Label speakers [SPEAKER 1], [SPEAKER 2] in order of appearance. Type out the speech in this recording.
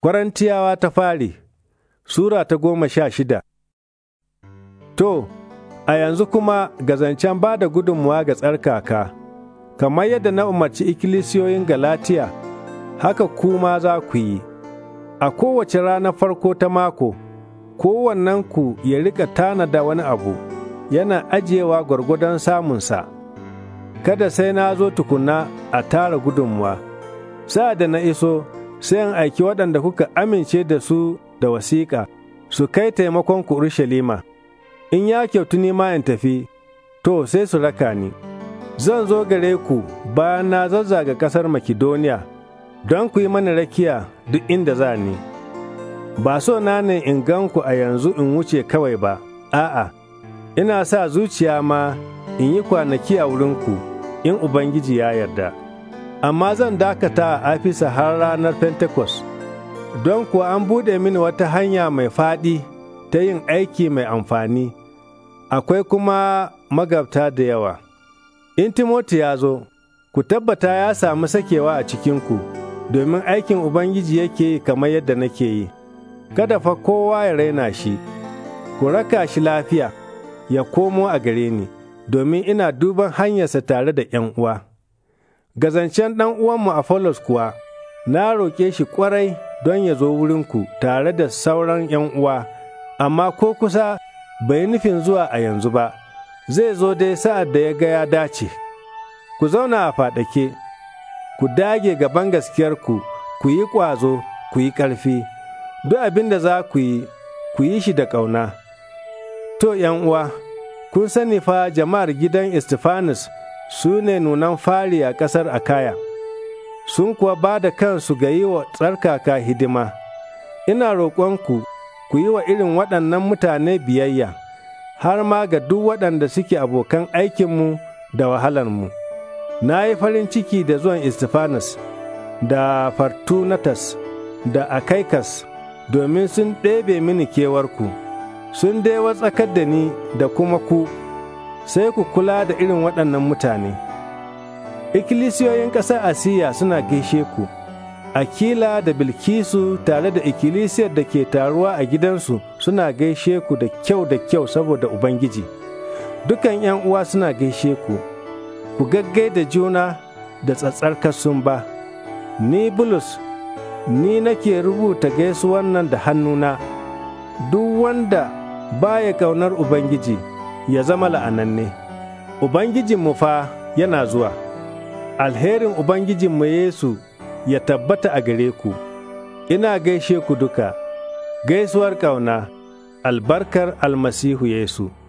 [SPEAKER 1] Korintiyawa ta fari Sura ta goma sha shida To, a yanzu kuma ga zancen ba da gudunmuwa ga tsarkaka, kamar yadda na umarci ikkilisiyoyin Galatiya, haka kuma za ku yi, a kowace rana farko ta mako, ku ya rika tanada wani abu, yana ajiyewa gwargwadon samunsa, kada sai na zo tukuna a tara gudunmuwa, sa'ad da na iso sai in aiki waɗanda kuka amince da su da wasiƙa, su kai taimakon ku Urushalima. In ya kyautu ni ma in tafi, to sai su raka ni. Zan zo gare ku bayan na zazzaga ƙasar Makidoniya don ku yi mana rakiya duk inda za ni. Ba so na ne in gan ku a yanzu in wuce kawai ba, a'a, ina sa zuciya ma in yi kwanaki a wurinku in Ubangiji ya yarda. amma zan dakata a afisa har ranar Pentecost, don kuwa an buɗe mini wata hanya mai faɗi ta yin aiki mai amfani, akwai kuma magabta da yawa. In Timoti ya zo, ku tabbata ya samu sakewa a cikinku, domin aikin Ubangiji yake yi kamar yadda nake yi, kada fa kowa ya raina shi, ku raka shi lafiya, ya komo a gare ni, domin ina duban hanyarsa tare da 'yan uwa. Ga zancen ɗan uwanmu Apollos kuwa, na roƙe shi ƙwarai don ya zo wurinku tare da sauran ‘yan uwa, amma ko kusa bai nufin zuwa a yanzu ba, zai zo dai sa'ad da ya ga ya dace. Ku zauna a faɗake, ku dage gaban gaskiyarku, ku yi ƙwazo, ku yi ƙarfi, duk abin da za ku yi, ku yi shi da ƙauna. To, 'yan uwa, kun sani fa jama'ar gidan Istifanus su ne nunan fari a ƙasar Akaya, sun kuwa ba da kansu ga yi wa tsarkaka hidima. Ina roƙonku ku yi wa irin waɗannan mutane biyayya, har ma ga duk waɗanda suke abokan aikinmu da wahalarmu. Na yi farin ciki da zuwan Istifanas, da Fartunatas, da Akaikas, domin sun ɗebe mini kewarku, sun dai watsakar da ni da kuma ku. sai ku kula da irin waɗannan mutane. Ikkilisiyoyin ƙasar Asiya suna gaishe ku, Akila da Bilkisu tare da ikilisiyar da ke taruwa a gidansu suna gaishe ku da kyau da kyau saboda Ubangiji. Dukan ‘yan uwa suna gaishe ku, ku gaggai da juna da tsatsarkar sun ba. Ni Bulus, ni nake rubuta gaisuwan nan da hannuna, duk wanda baya ƙaunar Ubangiji. ya zama la'ananne. Ubangijinmu fa yana zuwa, alherin Ubangijinmu Yesu ya tabbata a gare ku, ina gaishe ku duka, gaisuwar ƙauna, albarkar almasihu Yesu.